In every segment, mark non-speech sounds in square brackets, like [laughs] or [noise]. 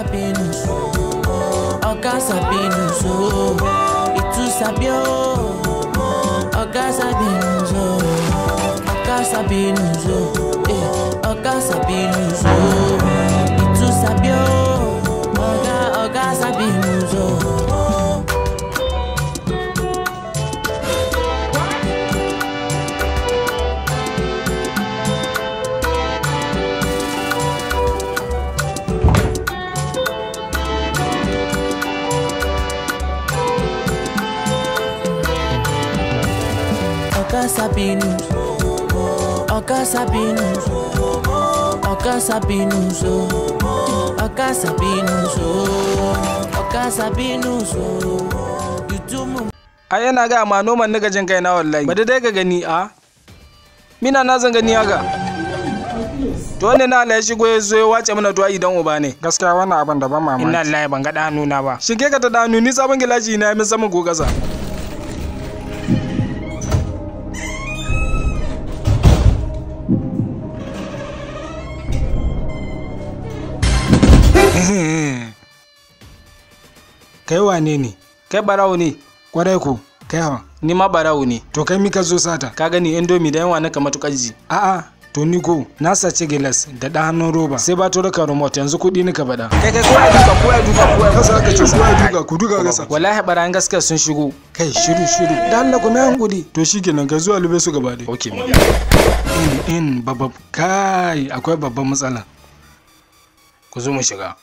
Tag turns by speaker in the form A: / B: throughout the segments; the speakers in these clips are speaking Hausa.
A: happiness. Ọ̀gá happiness o. Ìtú sàbí o. Ọ̀gá happiness o. Ọ̀gá happiness o. Eh, ọ̀gá happiness o. Ìtú sàbí o. Ọ̀gá ọ̀gá happiness o. A yana
B: ga ma noman naga jin kai na wallahi ba dai ga gani a Mina na zan gani ga to wannan na Allah ya shigo ya zo ya wace mana du'a idan uba ne gaskiya wannan abin da ban mamaki inna lillahi ban ga danu na ba shige ka ta danu ni sabon gilashi na mi samu gogaza [laughs] kai wane ne kai barawo ne kwarai ku kai hawa ni ma barawo ne to kai mika zo sata ka gani indomi da yawa naka matukar ji a'a to ni ko na sace gilas da ɗan hannun roba sai ba to raka remote yanzu kuɗi ka bada kai kai ya duka ya duka kowa kasa aka ce ya duka ku duka kasa wallahi baran gaskiya sun shigo kai shiru shiru da Allah ku mai hankuri to shikenan ka zuwa lube su gaba dai okay in in babab kai akwai babban matsala ku zo mu shiga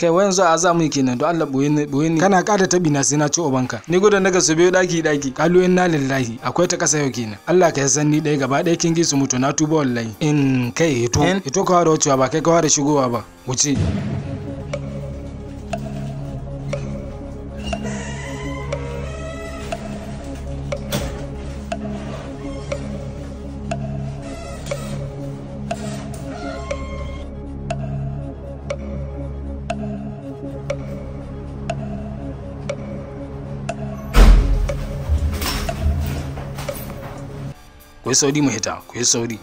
B: kai wayan zuwa za mu kenan to Allah boye ne boye ne kana kada tabi na sai na ci ka ni gudu na ga su biyo daki daki kalu na lillahi akwai ta kasa yau kenan Allah ka san ni dai gaba ɗaya kin gisu mutu na tuba wallahi in kai hito hito ka da wucewa ba kai ka da shigowa ba wuce kuyi sauri mu hita kuyi sauri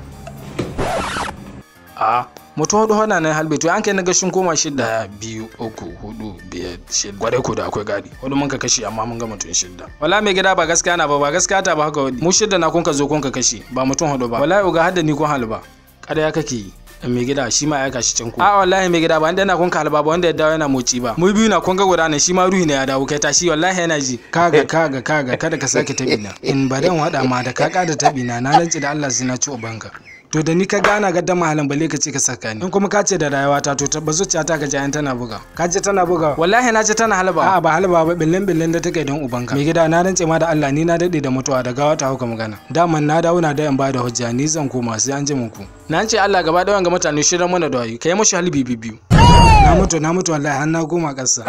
B: a mutu hudu hana nan halbe to an kai na gashin koma shida biyu uku hudu biyar shida gware ku da akwai gadi hudu mun ka kashi amma mun ga mutum shida wala mai gida ba gaskiya na ba ba gaskiya ta ba haka mu shida na kun ka zo kun ka kashi ba mutum hudu ba wala uga hadda ni ko halba kada ya kake yi mai gida shi ma ya gashi can a wallahi mai gida ba inda ina kun kalba ba wanda ya dawo yana moci ba mu biyu na kun ga guda ne shi ma ruhi ne ya dawo kai tashi wallahi yana ji kaga kaga kaga kada ka sake tabi na in badan hada ma da ka kada tabi na na da Allah sai na ci ubanka to da ni ka gana ga dama mahalan bale ka ce ka saka ni in kuma ka ce da rayuwata to tabba zuciyata ka ji an tana buga ka ce tana buga wallahi na ce tana halba a'a ba halba ba billen billen da take don ubanka Me gida na rantse ma da Allah ni na dade da mutuwa da gawa ta hauka magana daman na dawo na da yan ba da hujja ni zan koma sai an ji muku na ce Allah gaba da ga mutane shirin mana da wayi kai mushi halbi bibiyu na mutu na mutu wallahi har na goma kasa